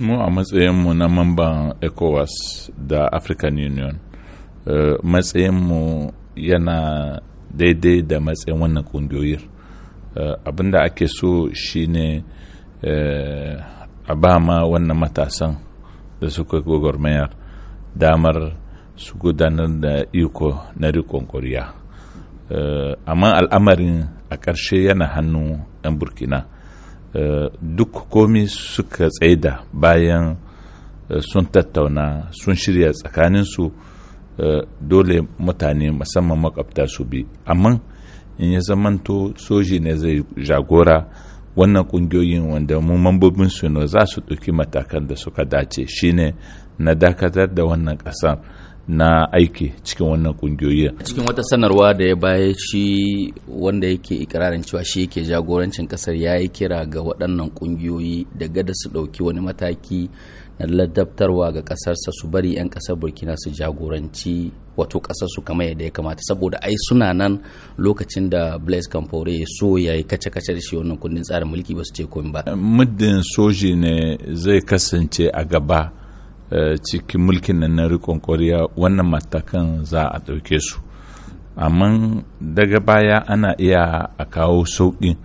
mu a matsayinmu na mamban ecowas da african union eh, matsayin matsayinmu yana daidai da matsayin wannan kungiyoyin eh, abin da ake so shine eh, a ba ma wannan matasan da suka gwagwarmayar damar su gudanar da iko na rikon koriya amma al'amarin a ƙarshe yana hannu 'yan burkina duk komi suka tsaida bayan eh, sun tattauna sun shirya tsakaninsu eh, dole mutane musamman makwabta su bi amma in ya zamanto soji ne zai jagora wannan kungiyoyin wanda mu mambobin su ne za su ɗauki matakan da suka dace shine na dakatar da wannan ƙasar na aiki cikin wannan kungiyoyi cikin wata sanarwa da ya baya shi wanda yake ikirarin cewa shi yake jagorancin kasar ya yi kira ga waɗannan kungiyoyi da gada su ɗauki wani mataki na ladabtarwa ga kasarsa su bari 'yan kasar burkina su jagoranci wato ƙasarsu kamar yadda ya kamata saboda ai suna nan lokacin da blaise campore ya so ya yi kace-kace da shi wannan kundin tsarin mulki ba su ce komai ba muddin soji ne zai kasance a gaba cikin mulkin nan na rikon koriya wannan matakan za a ɗauke su amma daga baya ana iya a kawo sauƙi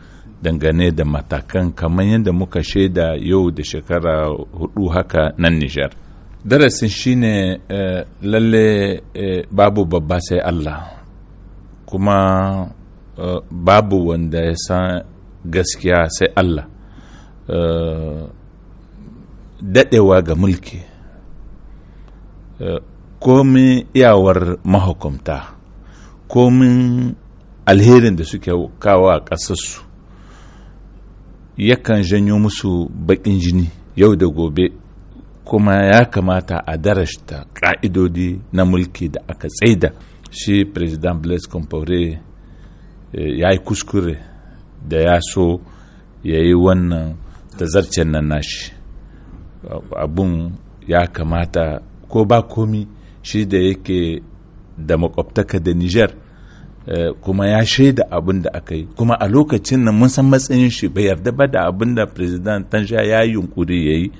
dangane da matakan kamar yadda muka shaida yau da shekara hudu haka nan nijar darasin shine eh, lalle eh, babu babba sai allah kuma eh, babu wanda ya san gaskiya sai allah daɗewa ga mulki komin iyawar mahukumta komin alherin da suke kawo a ƙasarsu yakan janyo musu baƙin jini yau da gobe kuma ya kamata a darashta ƙa'idodi na mulki da aka tsaida shi president blaise compaore eh, ya yi kuskure da ya so ya yi wannan tazarcen nan nashi abun ya kamata ko ba komi shi da yake da makwabtaka da nijar eh, kuma ya shaida abin da aka yi kuma a lokacin nan mun san matsayin shi bai yarda ba da abin da president tanja ya yi yunkuri ya yi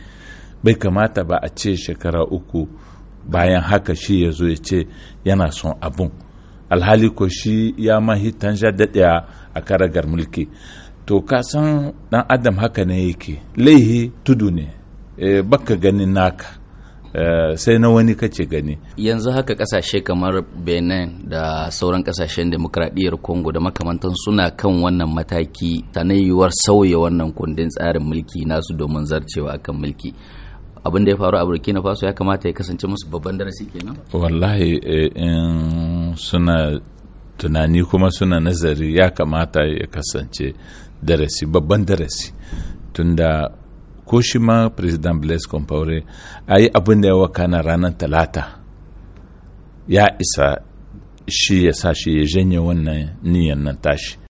bai kamata ba a ce shekara uku bayan haka shi ya zo ya ce yana son abun alhali ko shi ya mahi tanja daɗaya a karagar mulki to ka san ɗan adam haka ne yake laihi tudu ne eh, baka ganin naka Eh, sai na wani kace gani yanzu haka kasashe kamar benin da sauran kasashen demokradiyyar congo da makamantan suna kan wannan mataki ta yiwuwar sauya wannan kundin tsarin mulki nasu domin zarcewa akan mulki abin da ya faru a burkina faso ya kamata ya kasance musu babban darasi kenan wallahi eh, in suna tunani kuma suna nazari ya kamata ya kasance darasi babban darasi tunda ko shi ma president blaise compaore a yi abin da ya na ranar talata ya isa shi ya sa shi ya janye wannan niyan nan tashi